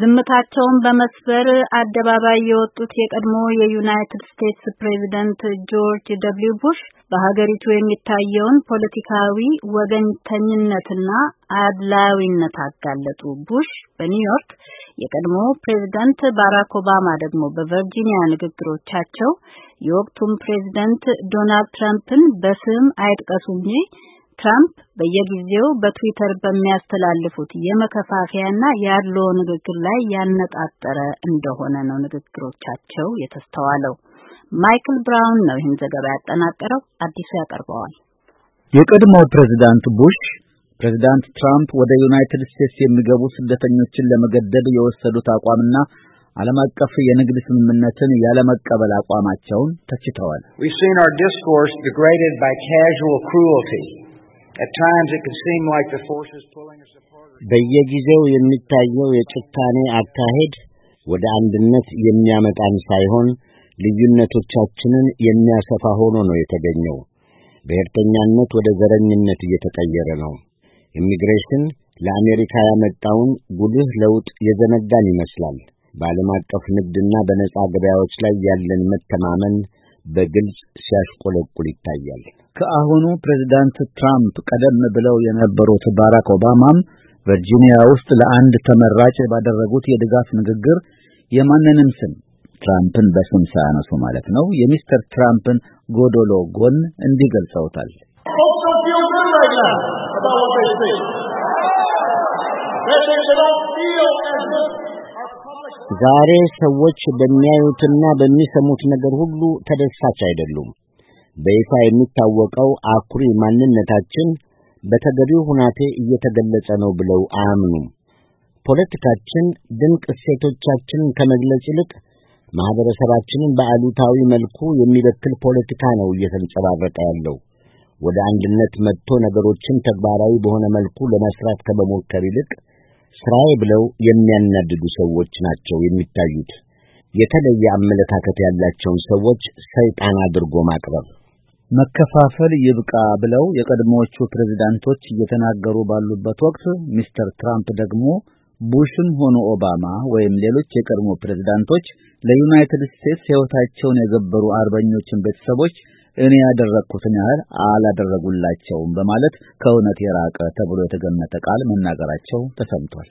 ዝምታቸውን በመስበር አደባባይ የወጡት የቀድሞ የዩናይትድ ስቴትስ ፕሬዚደንት ጆርጅ ደብሊው ቡሽ በሀገሪቱ የሚታየውን ፖለቲካዊ ወገንተኝነትና አድላዊነት አጋለጡ። ቡሽ በኒውዮርክ የቀድሞ ፕሬዝደንት ባራክ ኦባማ ደግሞ በቨርጂኒያ ንግግሮቻቸው የወቅቱን ፕሬዝደንት ዶናልድ ትራምፕን በስም አይጥቀሱ እንጂ ትራምፕ በየጊዜው በትዊተር በሚያስተላልፉት ና ያለው ንግግር ላይ ያነጣጠረ እንደሆነ ነው ንግግሮቻቸው የተስተዋለው። ማይክል ብራውን ነው ይህን ዘገባ ያጠናቀረው፣ አዲሱ ያቀርበዋል። የቀድሞው ፕሬዚዳንት ቡሽ ፕሬዚዳንት ትራምፕ ወደ ዩናይትድ ስቴትስ የሚገቡ ስደተኞችን ለመገደብ የወሰዱት አቋምና ዓለም አቀፍ የንግድ ስምምነትን ያለመቀበል አቋማቸውን ተችተዋል። በየጊዜው የሚታየው የጭካኔ አካሄድ ወደ አንድነት የሚያመጣን ሳይሆን ልዩነቶቻችንን የሚያሰፋ ሆኖ ነው የተገኘው። ብሔርተኛነት ወደ ዘረኝነት እየተቀየረ ነው። ኢሚግሬሽን ለአሜሪካ ያመጣውን ጉልህ ለውጥ የዘነጋን ይመስላል። በዓለም አቀፍ ንግድና በነጻ ገበያዎች ላይ ያለን መተማመን በግልጽ ሲያሽቆለቁል ይታያል። ከአሁኑ ፕሬዚዳንት ትራምፕ ቀደም ብለው የነበሩት ባራክ ኦባማም ቨርጂኒያ ውስጥ ለአንድ ተመራጭ ባደረጉት የድጋፍ ንግግር የማንንም ስም ትራምፕን በስም ሳያነሱ ማለት ነው የሚስተር ትራምፕን ጎዶሎ ጎን እንዲህ ገልጸውታል። ዛሬ ሰዎች በሚያዩትና በሚሰሙት ነገር ሁሉ ተደሳች አይደሉም። በይፋ የሚታወቀው አኩሪ ማንነታችን በተገቢው ሁናቴ እየተገለጸ ነው ብለው አያምኑም። ፖለቲካችን ድንቅ እሴቶቻችንን ከመግለጽ ይልቅ ማህበረሰባችንን በአሉታዊ መልኩ የሚበክል ፖለቲካ ነው እየተንጸባረቀ ያለው። ወደ አንድነት መጥቶ ነገሮችን ተግባራዊ በሆነ መልኩ ለመስራት ከመሞከር ይልቅ ስራዬ ብለው የሚያናድዱ ሰዎች ናቸው የሚታዩት። የተለየ አመለካከት ያላቸውን ሰዎች ሰይጣን አድርጎ ማቅረብ መከፋፈል ይብቃ ብለው የቀድሞዎቹ ፕሬዝዳንቶች እየተናገሩ ባሉበት ወቅት ሚስተር ትራምፕ ደግሞ ቡሽም ሆኑ ኦባማ ወይም ሌሎች የቀድሞ ፕሬዝዳንቶች ለዩናይትድ ስቴትስ ሕይወታቸውን የገበሩ አርበኞችን ቤተሰቦች እኔ ያደረግኩትን ያህል አላደረጉላቸውም በማለት ከእውነት የራቀ ተብሎ የተገመተ ቃል መናገራቸው ተሰምቷል።